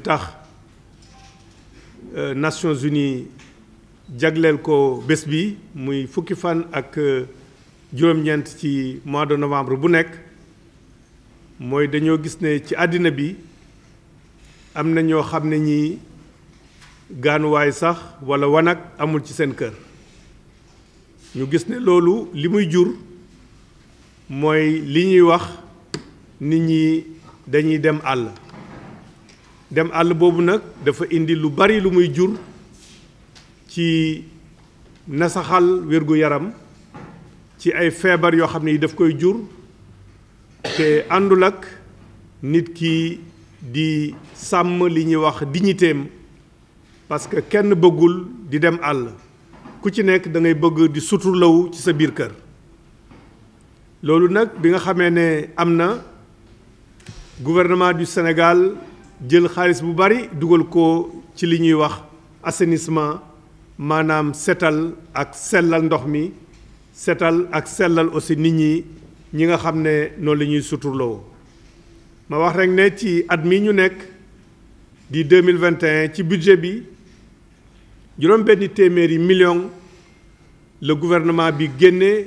li tax euh, Nations Unies jagleel ko bés bi muy fukki fan ak euh, juróom-ñeent ci mois de novembre bu nekk mooy dañoo gis ne ci àddina bi am na ñoo xam ne ñi gaanuwaay sax walla wanag amul ci seen kër ñu gis ne loolu li muy jur mooy li ñuy wax nit ñi dañuy dem àll dem àll boobu nag dafa indi lu bari lu muy jur ci nasaxal wérgu yaram ci ay feebar yoo xam ne daf koy jur te àndul ak nit ki di sàmm li ñuy wax dignitéem parce que kenn bëggul di dem àll ku ci nekk da ngay bëgg di suturlawu ci sa biir kër loolu nag bi nga xamee ne am gouvernement du Sénégal jël xaalis bu bari dugal ko ci li ñuy wax assainissement maanaam setal ak sellal ndox mi setal ak sellal aussi nit ñi ñi nga xam ne noonu la ñuy suturloo ma wax rek ne ci ñu nekk di 2021 ci budget bi juróom benn téeméeri million le gouvernement bi génne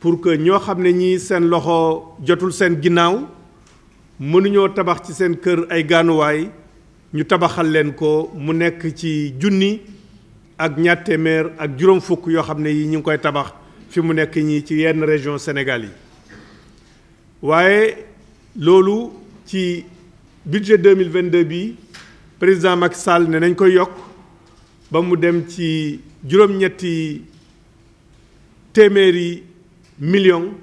pour que ñoo xam ne ñii seen loxo jotul seen ginnaaw mënuñoo tabax ci seen kër ay gaanuwaay ñu tabaxal leen ko mu nekk ci junni ak ñaat téeméer ak juróom fukk yoo xam ne yi ñu ngi koy tabax fi mu nekk ñi ci yenn région Sénégal yi waaye loolu ci budget 2022 bi président Macky Sall ne nañ koy yokk ba mu dem ci juróom-ñetti téeméeri millions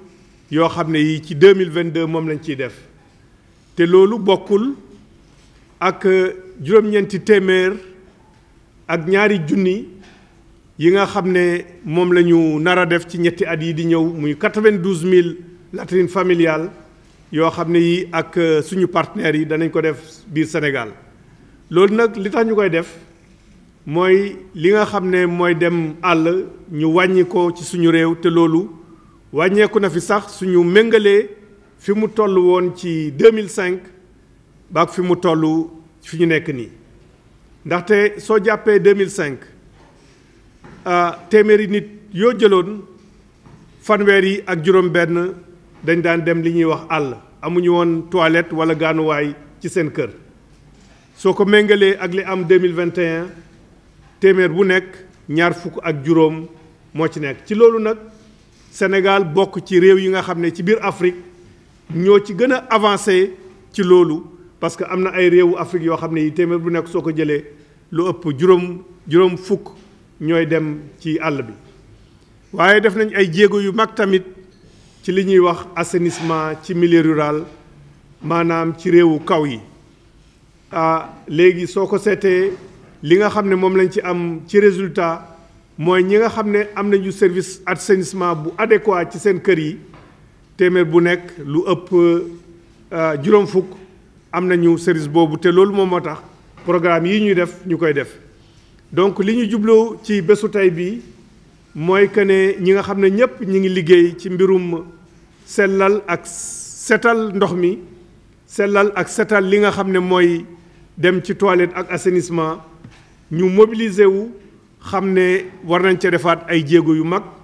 yoo xam ne yi ci 2022 moom lañ ciy def te loolu bokkul ak juróom téeméer ak ñaari junni yi nga xam ne moom la ñu nar a def ci ñetti at yi di ñëw muy 92000 latrines familiales yoo xam ne yi ak suñu partenaires yi danañ ko def biir Sénégal loolu nag li tax ñu koy def mooy li nga xam ne mooy dem àll ñu wàññi ko ci suñu réew te loolu wàññeeku na fi sax suñu méngalee fi mu toll woon ci 2005 ba ak fi mu tollu fi ñu nekk nii ndaxte soo jàppee 2005 euh, téeméeri nit yoo jëloon fanweer yi ak juróom-benn dañ daan dem li ñuy wax àll amuñu woon toilette wala gaanuwaay ci seen kër soo ko méngalee ak li am 2021 téeméer bu nekk ñaar fukk ak juróom moo ci nekk ci loolu nag Sénégal bokk ci réew yi nga xam ne ci biir Afrique. ñoo ci gën a avancé ci loolu parce que am na ay réewu Afrique yoo xam ne yi téeméer bu nekk soo ko jëlee lu ëpp juróom juróom fukk ñooy dem ci àll bi waaye def nañ ay jéego yu mag tamit ci li ñuy wax assainissement ci milieu rural maanaam ci réewu kaw yi ah léegi soo ko seetee li nga xam ne moom lañ ci am ci résultat mooy ñi nga xam ne am ñu service assainissement bu adéquat ci seen kër yi téeméer bu nek lu ëpp euh, juróom fukk am nañu service boobu te loolu moom moo tax programme yi ñuy def ñu koy def donc li ñu jubloo ci bésu tey bii mooy que ne ñi nga xam ne ñëpp ñi ngi liggéey ci mbirum sellal ak setal ndox mi sellal ak setal li nga xam ne dem ci toilette ak assainissement ñu mobiliser wu xam ne war nañ ca defaat ay jéego yu mag